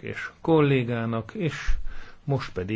és kollégának, és most pedig